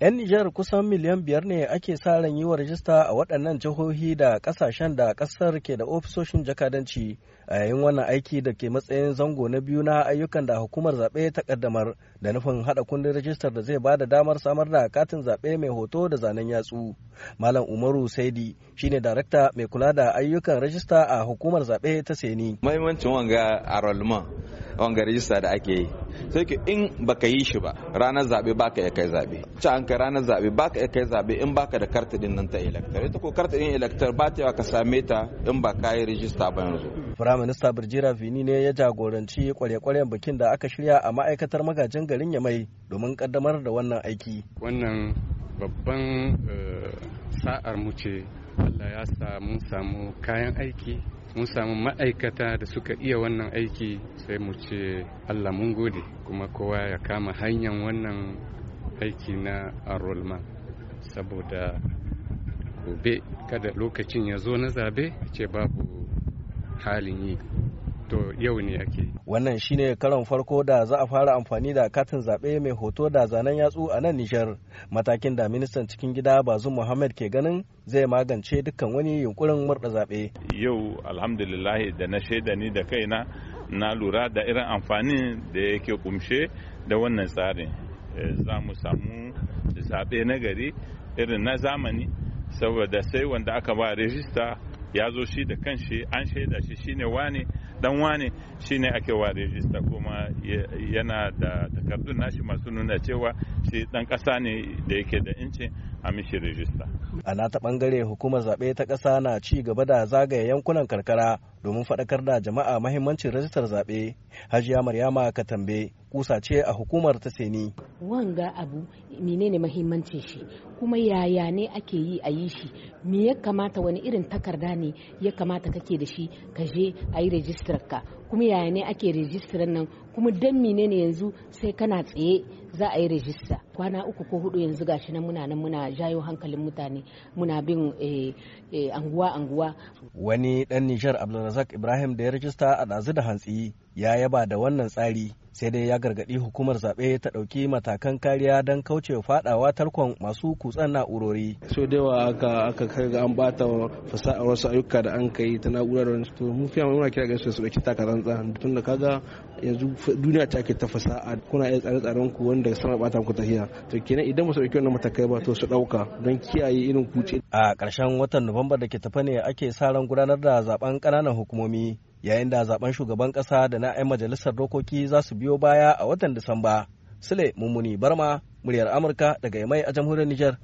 'Yan Nijar kusan miliyan biyar ne ake sa ran yi wa rajista a waɗannan jihohi da ƙasashen da ƙasar ke da ofisoshin jakadanci a yayin wannan aiki da ke matsayin zango na biyu na ayyukan da hukumar zaɓe ta ƙaddamar da nufin haɗa kundin rajistar da zai ba da damar samar da katin zaɓe mai hoto da zanen yatsu. Malam Umaru Saidi shine darakta mai kula da ayyukan rajista a hukumar zaɓe ta Seni. mahimmancin wanga a wanga rajista da ake yi sai ke in baka yi shi ba ranar zabe baka ya kai zabe ci an kai ranar zabe baka ya kai zabe in baka da kartadin nan ta elector ita ko kartadin ba ta ka same ta in ba ka yi rijista ba yanzu firaminista birjira vini ne ya jagoranci kwale-kwalen bikin da aka shirya a ma'aikatar magajin garin ya mai domin kaddamar da wannan aiki wannan babban eh, sa'ar mu ce allah ya samu kayan aiki mun samu ma'aikata da suka iya wannan aiki sai mu ce allah mun gode kuma kowa ya kama hanyar wannan aiki na enrollment saboda gobe kada lokacin ya zo na zabe ce babu halin yi to yau ne ake wannan shine karon farko da za a fara amfani da katin zaɓe mai hoto da zanen yatsu a nan nijar matakin da ministan cikin gida bazu muhammad ke ganin zai magance dukkan wani yunkurin murda zaɓe yau alhamdulillah da na shaida ni da kaina na lura da irin amfani da yake kumshe da wannan tsarin eh, za mu samu zaɓe na gari irin na zamani saboda sai wanda aka ba rijista. ya zo shi da kanshi an shaida shi shine wane dan wane shine ake wa rajista kuma yana da takardun nashi masu nuna cewa shi dan kasa ne da yake da incin a mishi rajista a nata bangare hukumar zaɓe ta ƙasa na ci gaba da zagaye yankunan karkara domin faɗakar da jama'a mahimmancin rajistar zaɓe hajiya maryama katambe kusa ce a hukumar ta seni wanga abu menene mahimmancin shi kuma yaya ne ake yi a yi shi me ya kamata wani irin takarda ne ya kamata kake da shi ka je a yi rajistar ka kuma yaya ne ake rajistar nan kuma dan menene yanzu sai kana tsaye za a yi rajista kwana uku ko hudu yanzu gashi na muna nan muna jayo hankalin mutane muna bin eh, eh, anguwa anguwa wani dan Nijar Abdulrazak Ibrahim da ya rajista a ɗazu da hantsi ya yaba da wannan tsari sai dai ya gargaɗi hukumar zaɓe ta ɗauki matakan kariya don kaucewa faɗawa tarkon masu kutsan na'urori. so da yawa aka aka kai ga an bata fasa'a wasu ayyuka da an kai ta na'urar to mu fiye muna kira ga su su ɗauki takarar tsantsan tun da kaga yanzu duniya ta ke ta fasa'a kuna iya tsare-tsaren ku wanda sana bata ku tafiya to kenan idan ba su ɗauki wannan matakai ba to su ɗauka don kiyaye irin kuce. a ƙarshen watan nuwamba da ke tafa ne ake sa ran gudanar da zaben ƙananan hukumomi yayin da zaben shugaban kasa da na 'yan majalisar dokoki za su biyo baya a watan Disamba. Sule Mummuni Barma, muryar Amurka daga Yamai a jamhuriyar Nijar.